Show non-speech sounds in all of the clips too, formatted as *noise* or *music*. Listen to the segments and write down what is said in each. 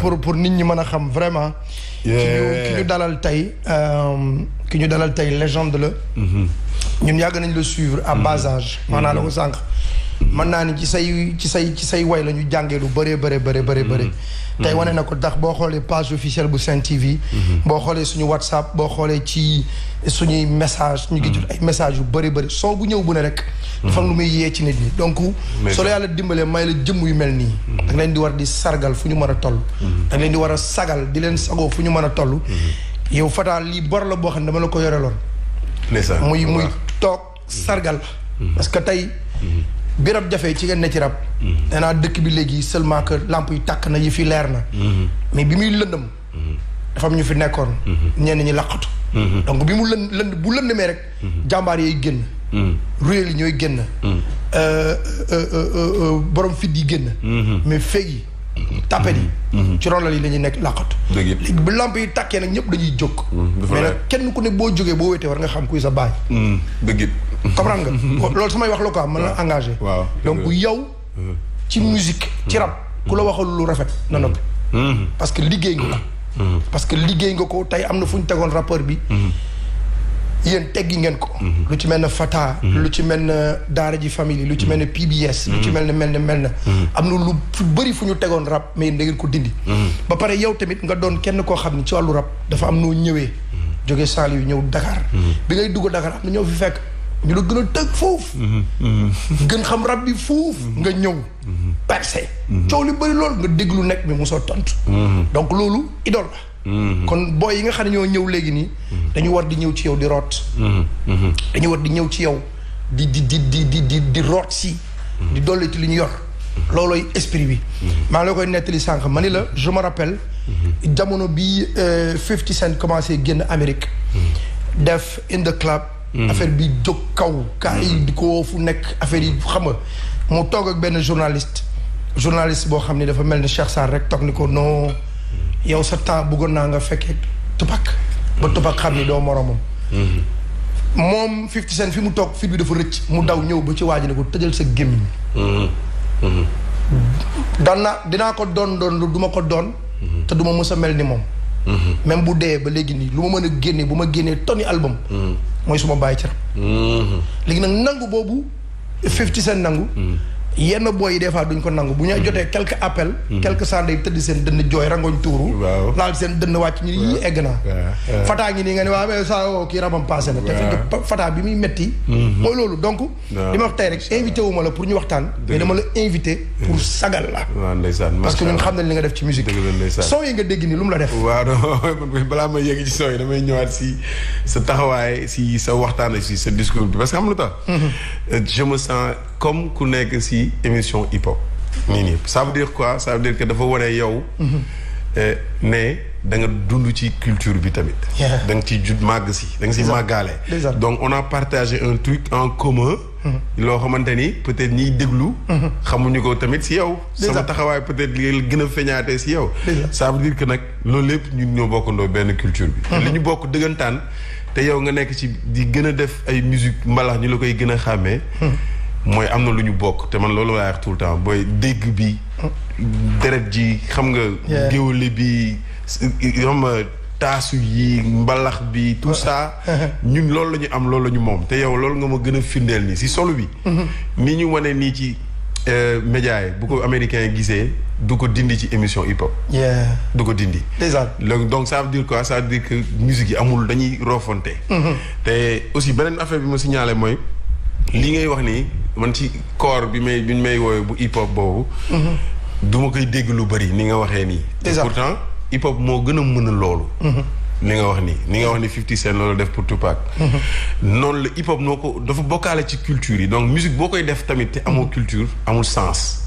pour pour nit ñi xam vraiment. ki ñu dalal tay euh ki ñu dalal tay légende -hmm. ñun yàgg nañ la suivre à bas mm-hmm. âge maanaam la sànq mm-hmm. mën naa ni ci say ci say ci say way la ñu jàngee lu bëree bëree bëree bëree bëri mm-hmm. tey wane na ko ndax boo xoolee page officielle bu Sen TV boo xoolee suñu WhatsApp boo xoolee ci suñuy message ñu ngi jot ay message yu bëri bëri soo bu ñëw bu ne rek dafa lu muy yee ci nit ñi donc soo la yàlla dimbalee may la jëmm yu mel nii da leen di war di sargal fu ñu mën a toll da leen di war a sagal di leen sagoo fu ñu mën a toll yow Fata lii bor la boo xam ne dama la ko yoreloon muy muy toog sargal. parce que tey. bi jafe ci ngeen ne ci rab. nee naa dëkk bi léegi seulement que lamp yi tàkk na yi fi leer na. mais bi muy lëndëm. dafa am ñu fi nekkoon. ñenn ñi laqatu. donc bi mu lënd lënd bu lëndamee rek. jàmbaar yooyu génn. ruyeel yi ñooy génn. Euh, euh, euh, borom fit yi génn. Mhm. mais feeg tàppet yi mm-hmm. ci ronal yi la ñuy nekk làqatu léegi bu lamp yi tàkkee nag ñëpp dañuy jóg mm-hmm. mais nag kenn ku ne boo jógee boo wéetee war nga xam kuy sa baay mm-hmm. dëgg comprendre nga loolu samay wax la quoi mën na engagé waaw donc yow ci musique ci rap ku la waxal lu rafet na noppi parce que liggéey nga ko que liggéey nga ko tey am na fu ñu tegoon rappeur bi yéen teggi ngeen ko. lu ci mel ne Fata. lu ci mel ne Daara ji famille lu ci mel ne PBS. lu ci mel ne mel ne mel na. am na lu fu bëri fu ñu tegoon rab mais yéen ngeen ko dindi. ba pare yow tamit nga doon kenn koo xam ne ci wàllu rab dafa am noo ñëwee. jóge saint yu ñëw Dakar. bi ngay dugg Dakar am na ñoo fi fekk ñu la gën a tëgg foofu. gën xam rab bi foofu. nga ñëw. percé coow li bëri lool nga déglu nekk bi musoo tontu. donc loolu idole la. Mm-hmm. kon les yi nga xam ñoo ñëw mm-hmm. dañu war di ci yow di mm-hmm. dañu war di di ci li ñu yor. je me rappelle. jamono bi 50 euh, Cent commencé génn Amérique. def in the club. affaire bi jóg kaw. kaa di ko fu nekk affaire yi xam nga mu toog ak benn journaliste. journaliste boo dafa ni yow sa temps bëggoon naa nga fekkee Tupac ba Tupac xam ni doo moromam. moom 50 Cent fi mu toog fit bi dafa rëcc mu daw ñëw ba ci waaj ne ko tëjal sa gémmiñ. daan na dinaa ko doon doon lu du ko doon. te du ma mës a mel ni moom. même bu dee ba léegi nii lu ma mën a génne bu ma génnee tonni album. mooy su ma bàyyi ci rab. Mm-hmm. léegi nag nangu boobu 50 Cent nangu. yenn booy yi des duñ ko nangu bu ñu jotee quelques appels. Mhm. quelques sànni yi tëdd seen dënn jooy rangoñ tuuru. waaw laal seen dënn wàcc ñu yii egg naa. fataa ngi nii nga ne waaw mais saa oh, kii rabam passé na. te bi muy metti mhm. mooy loolu donc. li ma wax tey la pour ñu waxtaan. mais dama la invité pour mhm. sagal la. parce que ñun xam nañ li nga def ci musique. son yi nga dégg nii lu mu la def. *laughs* balaa ma yegg ci son yi damay ñëwaat si sa taxawaay si sa waxtaan si sa discours bi parce que xam lu tax. Euh, comme ku nekk si émission hip hop. nii nii ça veut dire quoi ça veut dire que dafa wane yow. Eh, ne da nga dund ci culture bi tamit. da nga ci jud màgg si da nga si màggaale. donc on a partagé un truc en commun. Mm-hmm. loo xamante ni peut-être ñiy déglu. Mm-hmm. xamuñu ko tamit si yow. sama taxawaay peut-être li gën a feñaatee si yow. ça veut dire que nag loolu lépp ñun ñoo bokkandoo benn culture bi. Mm-hmm. li ñu bokk dëggantaan te yow nga nekk ci di gën a def ay musique mbalax ñu la koy gën a xàmmee moy amna luñu lu ñu bokk man loolu wax tout le temps boy dégg bi dérèb ji xam nga géwale bi xam nga yi mbalax bi tout ça *laughs* ñun loolu lañu am loolu lañu mom té yow loolu nga ma gëna findel ni si solo bi mm-hmm. ni ñu wone ni ci euh, média yi bu ko américain yi du ko dindi ci émission hip hop du ko dindi déjà donc ça veut dire quoi ça veut dire que musique yi amul dañuy roofonte mm-hmm. té aussi benen affaire bi ma signaler moy li ngay wax ni man ci corps bi may bi may woowee bu hip hop boobu. Mhm. du ma koy dégg lu bëri ni nga waxee nii. te pourtant hip hop moo gën a mën a loolu. Mhm. ni nga wax nii ni nga wax ni 50 Cent loolu def pour Tupac. Mhm. noonu la hip hop noo ko dafa bokkaale ci culture yi donc musique boo koy def tamit te amoo culture amul sens.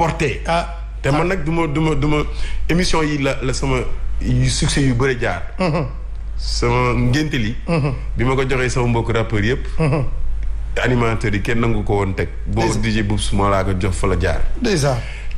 porté ah te man nag du ma duma ma du émission yi la la sama yu succès yu bëri jaar mhm. sama ngénte li mhm. bi ma ko joxee sama mbokk rappeur yëpp mhm. animateurs yi kenn nangu ko woon teg boo DJ Boubs suma laa ko jox fa la jaar déjà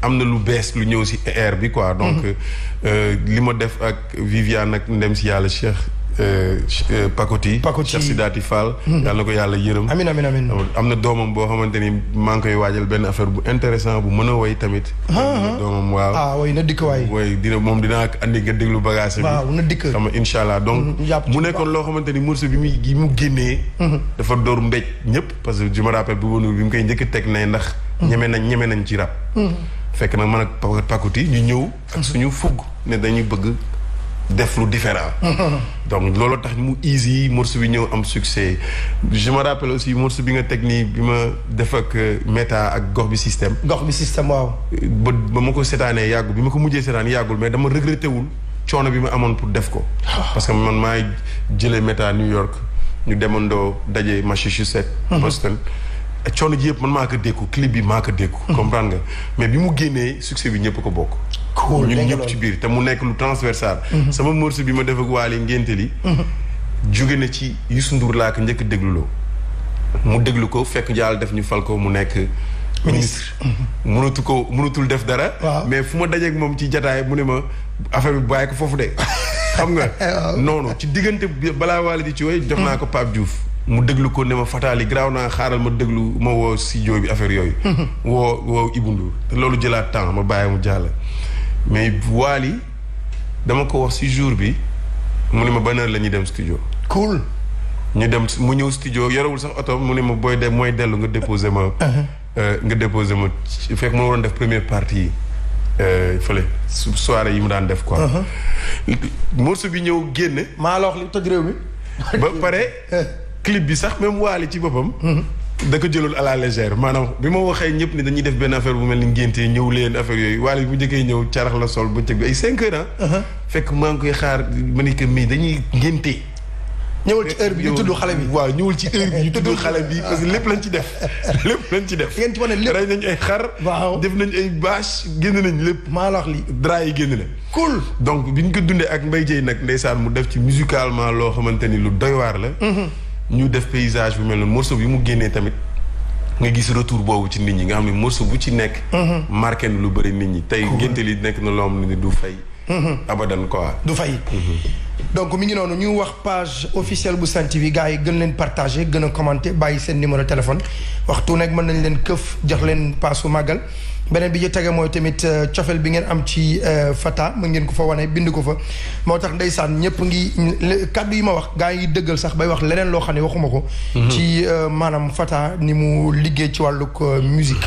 am na lu bees lu ñëw si air bi quoi. donc mhm. euh, li ma def ak Viviane ak ndem si yàlla Cheikh. Euh, euh, Pakoti Pakoti Cheikh Sidaati Fall. Mhm. yàlla na ko yàlla yërëm. amiin amiin amiin am na doomam boo xamante ni maa ngi koy waajal benn affaire bu intéressant bu mën a woy tamit. Ah, ah. doomam waaw ah woy waay. woy dina moom dinaa andi nga déglu bagage bi. na dikk xam nga donc. Mhm, mu nekkoon loo xamante ni morceau bi muy bi mu génnee. dafa door mbéj ñëpp parce que je me rappelle bu wóorul bi mu koy njëkk teg nay ndax. Il nañ a nañ ci fekk donc lolo tax mu easy morceau bi est am succès je me rappelle aussi morceau bi nga tek ni bima def ak euh, meta ak gox bi système. gox bi système waaw. ba ko ko mais dama wul pour def ko. Ah. parce que man may New York ñu demandoo dajé Massachusetts. Mm-hmm. Boston coono ji man maa ko dékku clip bi maa ko dékku. Mhm. comprendre nga mais bi mu génnee succès bi ñëpp ko bokk. cool ñun ñëpp ci biir té mu nekk lu transversal. Mhm. sama morceau bi ma def ak wali ngénte li mhm. jóge na ci Youssou Ndour la laa ko njëkk lo mu déglu ko fekk jaal def ñu fal mu nekk. ministre mënatu ko mënatul def dara. mais fuma dajé ak mom ci jotaay mu ne ma affaire bi bàyyi ko fofu dé *laughs* xam nga noonu ci digënté bala Waly di ci woy jox naa ko Pape Diouf. mu déglu ko ne ma fataali garaaw naa xaaral ma déglu ma woo studio bi affaire yooyu. *laughs* woo woo te loolu jëlaat temps ma bàyyi mu jàll. mais Wally dama ko wax si jour bi mu ne ma ban heure la ñuy dem studio. cool. ñu dem mu ñëw studio yorewul sax oto mu ne ma booy de mooy dellu nga déposé ma. *laughs* Uh-huh. Euh, nga déposé ma fekk ma waroon def première partie yi. Euh, fële yi mu daan def quoi. Uh-huh. morceau bi ñëw génne. maa li toj réew mi. ba pare. *laughs* Eh. clip bi sax même waali ci bopam da ko jëlul à la légère manam bima waxé ñëpp ni dañuy def ben affaire bu melni ngénte ñëw leen affaire yoy waali bu njëkkee ñëw charax la sol bu tegg ay 5 heures hein fekk ma ngui xaar ma ni que dañuy ngénte. ñëwul ci heure bi ñu tuddu xale bi waaw ñëwul ci heure bi ñu tuddu xale bi parce que lépp lañ ci def lépp lañ ci def ngeen ci wane lépp ray nañ ay xar waaw def nañ ay bâche génn nañ lépp ma la wax li dra génn la cool donc biñ ko dundé ak mbay jey nak ndeysaan mu def ci musicalement lo xamanteni lu doy war la ñu def paysage bu mel noonu morceau bi mu génnee tamit nga gis retour boobu ci nit ñi nga xam ne morceau bu ci nekk. Mhm. marqué na lu bëri nit ñi. tey ngénte li nekk na loo xam ne du fay. Mhm. abadan quoi du fay. Mhm. donc mi ngi noonu ñu wax page officielle bu Sen TV gars yi gën leen partagé gën a commenté bàyyi seen numéro téléphone waxtu nekk mën nañ leen këf jox leen paasu màggal benen bi ñu tege moy tamit euh, cofeel bi ngeen am ci euh, Fata mu ngeen ko fa wone bind ko fa moo tax ndeysaan ñëpp ngi kàddu yi ma wax gars yi dëggal sax bay wax leneen loo xam ne waxuma ko. Mhm. ci euh, maanaam Fata ni mu liggéey ci wàllug musique.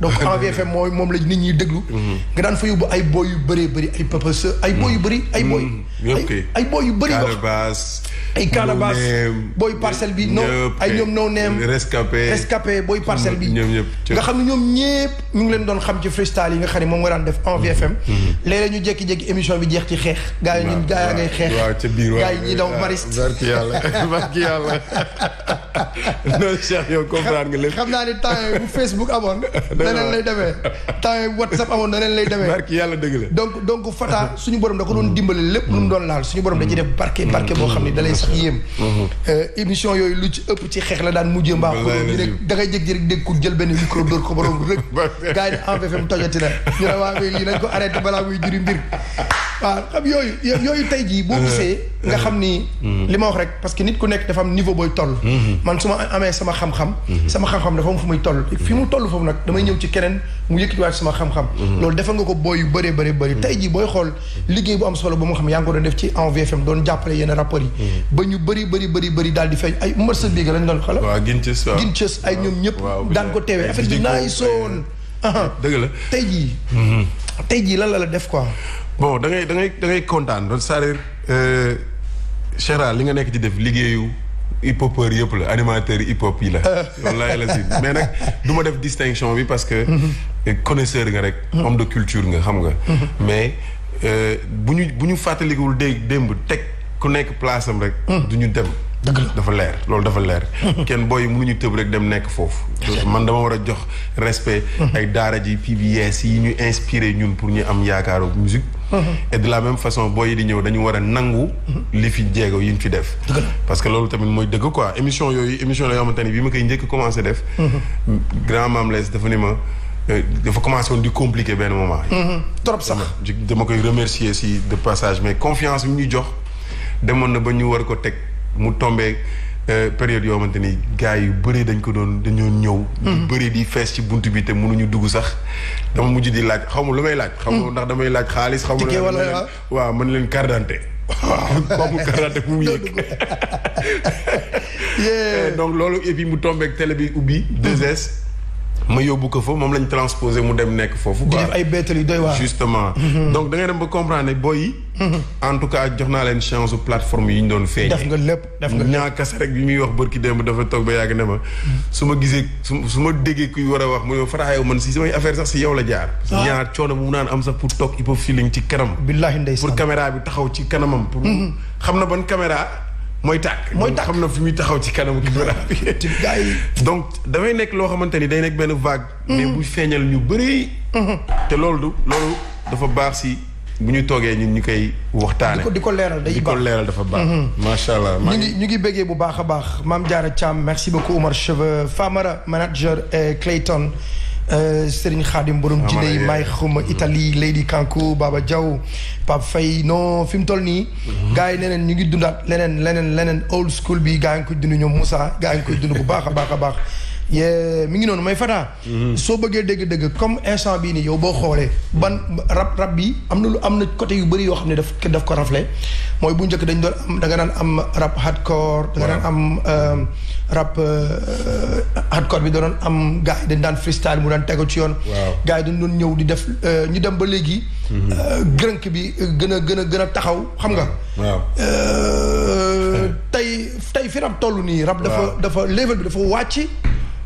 donc *laughs* envfm mooy moom la nit ñi déglu mhm. nga daan fa yóbbu ay booy yu bëree bëri ay papas ay booy mhm. mhm. yu bëri ay booy ay booy yu bëri wax ay booy parcelle bi non ñoom no neem rescapé rescapé booy parcelle bi nga xam ne ñoom ñépp mu ngi leen doon xam ci freestyle yi nga xam ne moom nga daan def envfm léeg-léeg ñu jékki-jékki émission bi jeex ci xeex gaa yi ñun gaa yaa ngay xeex gaa yi ñi daw mariste *laughs* barki yàlla barki *laughs* nga lépp xam naa ne temps bu Facebook amoon neneen lay demee *laughs* temps yi whatsapp amoon neneen lay demee barke yàlla dëgg la donc donc Fata suñu borom da ko doon dimbale lépp lu mu doon laal suñu borom da ci def barke barke boo xam ne da lay sax yéem euh, émission yooyu lu ci ëpp ci xeex la daan mujjee mbaa xooloo ñu rek da ngay jékki rek dégg ku jël benn micro dóor ko borom rek *laughs* gars yi ne en ko arrêté balaa muy juri mbir waaw yooyu yooyu tey ji boo gisee nga xam ni li ma wax rek parce que nit ku nekk dafa am niveau booy toll mhm. man su ma amee sama xam-xam mhm. sama xam-xam dafa am fu muy toll fi mu toll foofu nag ci keneen mu yëkkatiwaat sama xam-xam mhm. loolu defal nga ko booy yu bëree bari bëri mhm. tey jii booy xool liggéey bu am solo ba mu xam yaa ngi ko doon def ci en am doon jàppale yenn rappeurs yi mhm. ba ñu bëri bëri bëri bëri daal di feeñ ay Umar Sadiga lañ doon xala Ginches ay ñoom ñëpp daan ko teewee affaire bi naay soon dëgg la tey jii tey jii lan la la def quoi bon da ngay da ngay da kontaan c'est-à-dire euh, li nga nekk ci def liggéeyu hip hop, animateur hip hop yi la. Ah. mais nak duma def distinction parce que. connaisseur nga mhm. homme de culture nga mhm. mais si euh, nous ku place am rek. Mhm. duñu dem. Nous la dafa leer lolou dafa leer. ken boy yi mënuñu teub rek dem nek nous man dama jox respect. ay daara ji yi musique et de la même façon booy di ñëw dañu wara nangu li fi jéego yi fi def parce que lolu tamit moy dëgg quoi émission yooyu émission la yoo xamante ni bi ma koy njëkk commencé def grand Mame Less dafa ni ma euh, dafa commencé woon du compliqué benn moment mhm. trop sax ma koy remercier si de passage mais confiance bi ñu jox demoon na ba ñu war ko tek mu tombé Euh, période yoo xamante ni gaa yu bëri dañ ko doon dañoo ñëw. Mhm. ñu bëri di fees ci bunt bi te mënuñu dugg sax dama mujj di laaj xaw ma lu may laaj. xaw ma mhm. ndax damay laaj xaalis. xaw ma wala ah? waaw mën leen carte d'identité waaw *laughs* amul carte d'identité mu yëg. *laughs* *laughs* Euh, donc loolu et puis mu tombé ak télé bi ubbi 2 ma yóbbu ko fa moom lañ transposé mu dem nekk foofu. quoi def ay justement. Mhm. donc da dem ba comprendre ne booy yi. Mhm. en tout cas jox naa leen chance su plateforme yi ñu doon feeñee. def nga lépp def nga lépp ñaakase rek bi muy wax barki démb dafa toog ba yàgg ne ma. su ma gisee su su ma déggee kuy war a wax mu ne Fara man si samay affaire sax si yow la jaar. Ah. ñaar coono bu mu naan am sax pour toog il faut feeling ci kanam. billaahi ndeysaan pour caméra bi taxaw ci kanamam. pour mhm. xam na ban caméra. mooy tàkk mooy tàkk na fi muy taxaw ci kanamu caméra bi. *laughs* gars yi donc damay nekk loo xamante ni day nekk benn vague. Mhm. mais bu feeñal ñu bëri. Mhm. te loolu du loolu dafa baax si bu ñu toogee ñun ñu koy waxtaane di ko leeral day di ko leeral dafa baax. Mhm. macha allah ñu ngi ñu ngi bëggee bu baax a baax Mame Diarra Thiam merci beaucoup Omar Cheveux Famara manager Clayton. Euh, Serigne Khadim borom ah, jinne yi may xuma Italie mm-hmm. Lady Kankou Baba Diaw Pape fay non fi mu toll nii mm-hmm. gars yi leneen ñu ngi dundaat leneen leneen leneen old school bi gars yi ngi koy dund ñoom Moussa gars yi koy dund bu baax a baax a baax mi ngi noonu may fataa mhm. soo bëggee dégg-dégg comme instant bii nii yow boo xoolee ban rab rab bi am na lu am na côté yu bari yoo xam ne daf daf ko rafle mooy bu njëkk dañu doon am da nga daan am rab hardcore da nga daan am euh, rab euh, hardcore bi doon am gars yi dañ daan freestyle mu daan tego ci yoon gars yi dañ doon ñëw di def euh, ñu dem ba léegi mhm. grënk bi gën a gën a gën a taxaw xam nga tey tey fi rab toll nii rab dafa dafa level bi dafa wàcc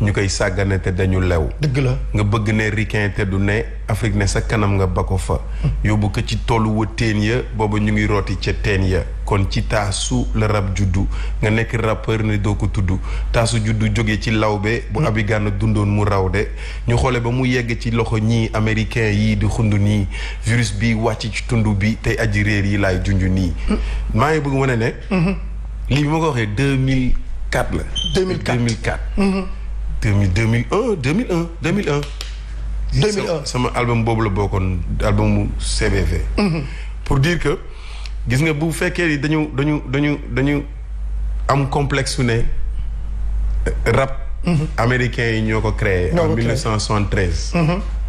ñu koy sàggane te dañu lew. dëgg la nga bëgg ne ricain te du ne Afrique ne sa kanam nga ba ko fa. yóbbu ko ci toolu wa teen ya booba ñu ngi rooti ca teen ya kon ci taasu la rab juddu nga nekk rappeur ne doo ko tudd taasu juddu jóge ci lawbe. bu mm. abi gànn dundoon mu raw de ñu xoole ba mu yegg ci loxo ñi américain yii di xund nii virus bi wàcc ci tund bi tey aji réer yi laay junj nii. Mm. maa ngi bëgg wane ne. Mm-hmm. lii bi ma ko waxee deux mille quatre la. deux mille quatre deux mille mm-hmm. 2000 2001 2001 2001. C'est un album Bob le album CBV. Mm-hmm. pour dire que vous nga bu fekkee dañu dañu dañu dañu complexe rap. Mm-hmm. américain yi ñoo créé. en 1973.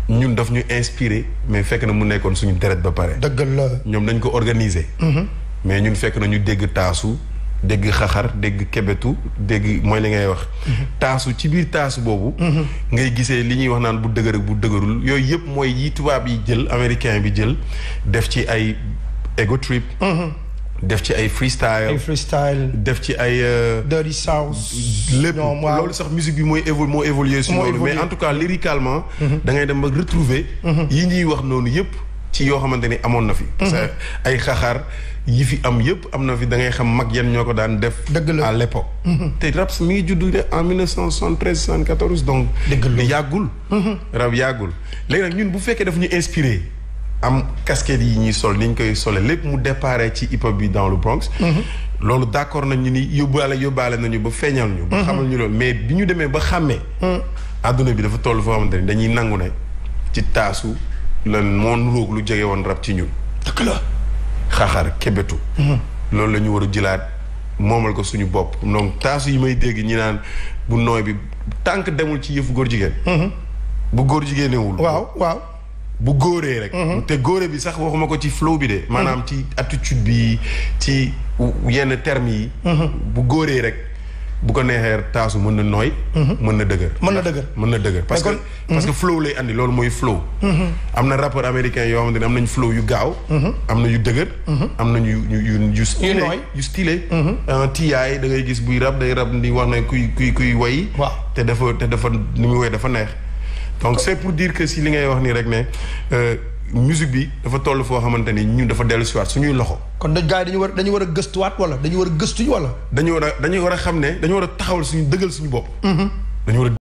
nous mm-hmm. daf ñu inspirés mais fekk na mu nekkoon suñu deret ba pare. dëgg la ñoom dañ ko organiser. mais nous fekk na ñu nous taasu. dégg xaxar dégg kebetu dégg mooy li ngay wax. taasu ci biir taasu boobu. ngay gisee li ñuy wax naan bu dëgër bu dëgërul yooyu yëpp mooy yi tubaab yi jël américain bi jël def ci ay ego def ci ay freestyle ay def ci ay. Euh, dirty south. lépp loolu sax musique bi mooy évol moo évoluer. mais en tout cas lyricalement. Mhm. da dem ba retrouver mhm. yi ñuy wax noonu yëpp. ci yo xamanteni ni na fi. parce mhm. ay xaxaar yi fi am yëpp am na fi da ngay xam mag yan ñoko daan def. dëgg la à l'époque. Mhm. te raps mi ngi juddu de en 1973 74 donc. dëgg la yàggul. Mhm. rap yagul léegi nak ñun bu fekkee daf ñu inspiré am casquette yi ñi sol ni koy solé lepp mu déparé ci hip hop bi dans le Bronx. lolu d'accord nañ ñu ni yóbbaale yobale nañu ba feeñal ñu. ba xamal ñu loolu mais biñu démé ba xamé aduna bi dafa toll fo xamanteni dañuy nangu ne ci tasu lan moo nuróog lu jege woon rab ci ñun. dëgg la. xaaxaar kebetu. Mm-hmm. loolu la ñu war a jëlaat moomal ko suñu bopp donc taasu yi may dégg ñi naan bu nooy bi tànk demul ci yëfu góor jigéen. Mm-hmm. bu góor jigéenewul. waaw waaw. bu góoree rek. Mm-hmm. te góore bi sax waxuma ko ci flow bi de. maanaam ci attitude bi ci yenn termes yi. bu góoree rek. bu ko neexee taasu mën na nooy. Mhm. mën na dëgër. mën na dëgër mën na dëgër parce que. parce que mhm. flow lay andi loolu mooy flow. Mhm. am na rappeur américain yoo xamante ne am nañu flow yu gaaw. am na yu dëgër. am na yu yu yu yu stylé yu stylé. Euh, tiyaay da ngay gis buy rab day rab di wax na kuy kuy kuy way. te dafa te dafa ni muy way dafa neex. donc c'est pour dire que si li ngay wax nii rek ne. Euh, musique bi dafa toll foo xamante ni ñu dafa dellu siwaat suñuy loxo. kon dañ gaa yi dañu war dañu war a gëstuwaat wala dañu war a gëstuñ wala. dañu war a dañu war a xam ne dañu war a taxawal suñu dëggal suñu bopp. Mm-hmm. dañu war